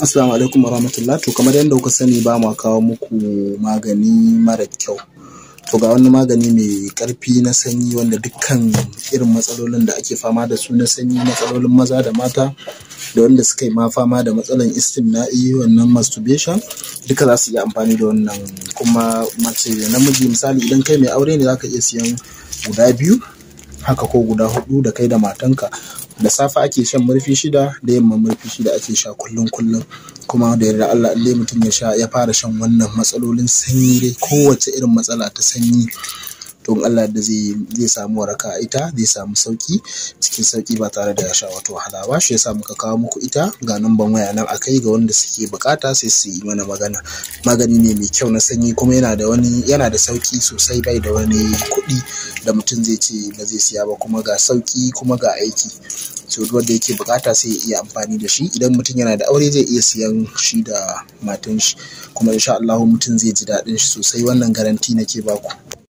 Assalamu alaikum warahmatullahi to kamar yadda kuka sani ba mu kawo muku magani mara kyau to ga wani magani mai karfi na sanyi wanda dukkan irin matsalolin da ake fama da su na sanyi matsalolin maza da mata da wanda suka yi ma fama da matsalan istimna'i wannan masturbation duka za su iya amfani da wannan kuma mace namiji misali idan kai mai aure ne zaka iya siyan guda biyu haka ko guda hudu da kai da matanka da safe ake shan murfi shida da yamma murfi shida ake sha kullum kullum kuma da yarda Allah in dai mutum ya sha ya fara shan wannan matsalolin sanyi dai kowace irin matsala ta sanyi Don Allah da zai zai samu waraka ita zai samu sauki cikin sauki ba tare da yasha sha wata wahala ba shi yasa muka kawo muku ita ga numban waya nan akai ga wanda suke bukata sai su yi mana magana magani ne mai kyau na sanyi kuma yana da wani yana da sauki sosai bai da wani kuɗi da mutum zai ce ba zai siya ba kuma ga sauki kuma ga aiki so duk wanda yake bukata sai ya iya amfani da shi idan mutum yana da aure zai iya siyan shi da matan shi kuma insha Allah mutum zai ji daɗin shi sosai wannan garanti nake baku